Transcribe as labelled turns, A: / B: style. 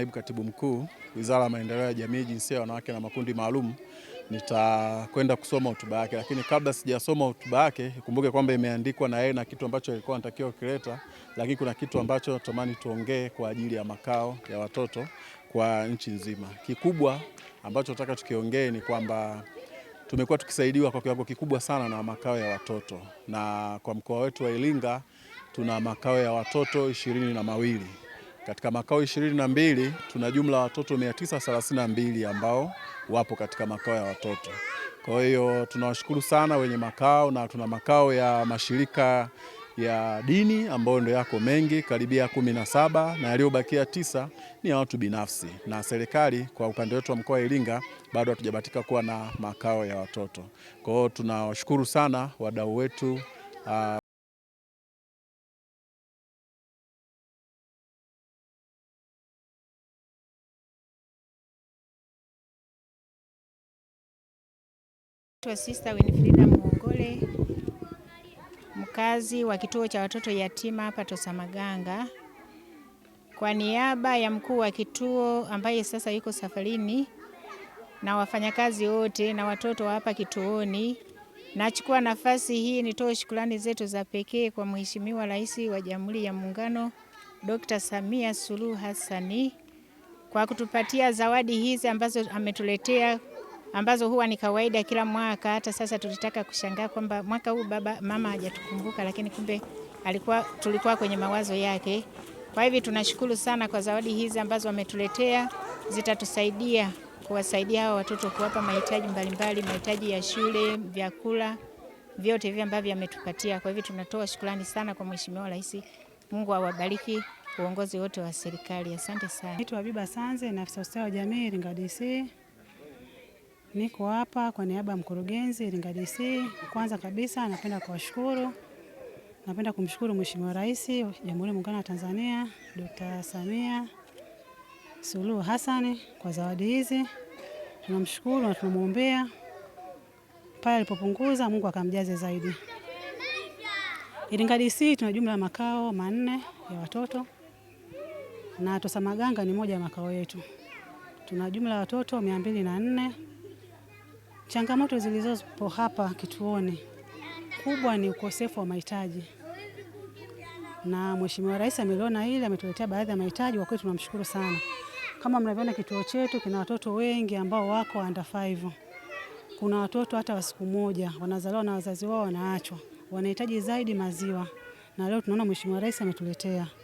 A: Naibu Katibu Mkuu, Wizara ya Maendeleo ya Jamii, Jinsia ya Wanawake na Makundi Maalum, nitakwenda kusoma hotuba yake, lakini kabla sijasoma hotuba yake, kumbuke kwamba imeandikwa na yeye na kitu ambacho alikuwa anatakiwa kuleta, lakini kuna kitu ambacho natamani tuongee kwa ajili ya makao ya watoto kwa nchi nzima. Kikubwa ambacho nataka tukiongee ni kwamba tumekuwa tukisaidiwa kwa kiwango kikubwa sana na makao ya watoto, na kwa mkoa wetu wa Iringa tuna makao ya watoto ishirini na mawili. Katika makao ishirini na mbili tuna jumla ya watoto 932 ambao wapo katika makao ya watoto. Kwa hiyo tunawashukuru sana wenye makao, na tuna makao ya mashirika ya dini ambayo ndio yako mengi karibia kumi na saba na yaliyobakia tisa ni ya watu binafsi, na serikali kwa upande wetu wa mkoa wa Iringa bado hatujabatika kuwa na makao ya watoto. Kwa hiyo tunawashukuru sana wadau wetu. Ah,
B: Naitwa Sister Winfrida Muongole, mkazi wa kituo cha watoto yatima hapa Tosamaganga. Kwa niaba ya mkuu wa kituo ambaye sasa yuko safarini na wafanyakazi wote na watoto wa hapa kituoni, nachukua nafasi hii nitoe shukrani zetu za pekee kwa Mheshimiwa Rais wa Jamhuri ya Muungano Dr. Samia Suluhu Hassani kwa kutupatia zawadi hizi ambazo ametuletea ambazo huwa ni kawaida kila mwaka. Hata sasa tulitaka kushangaa kwamba mwaka huu baba mama hajatukumbuka, lakini kumbe alikuwa tulikuwa kwenye mawazo yake. Kwa hivyo tunashukuru sana kwa zawadi hizi ambazo wametuletea, zitatusaidia kuwasaidia hawa watoto, kuwapa mahitaji mbalimbali, mahitaji ya shule, vyakula vyote hivi ambavyo ametupatia. Kwa hivyo tunatoa shukrani sana kwa Mheshimiwa Rais. Mungu awabariki uongozi wote wa serikali. Asante sana.
C: Naitwa Habiba Sanze, na afisa ustawi wa jamii Iringa DC. Niko hapa kwa niaba ya mkurugenzi Iringa DC. Kwanza kabisa napenda kuwashukuru, napenda kumshukuru Mheshimiwa Rais wa Jamhuri ya Muungano wa Tanzania Dr. Samia Suluhu Hassan kwa zawadi hizi. Tunamshukuru na tunamwombea pale alipopunguza, Mungu akamjaze zaidi. Iringa DC tuna jumla ya makao manne ya watoto na Tosamaganga ni moja ya makao yetu. Tuna jumla ya watoto mia mbili na nne. Changamoto zilizopo hapa kituoni kubwa ni ukosefu wa mahitaji, na Mheshimiwa Rais ameliona hili, ametuletea baadhi ya mahitaji. Kwa kweli tunamshukuru sana. Kama mnavyoona, kituo chetu kina watoto wengi ambao wako under 5. Kuna watoto hata wa siku moja wanazaliwa na wazazi wao wanaachwa, wanahitaji zaidi maziwa, na leo tunaona Mheshimiwa Rais ametuletea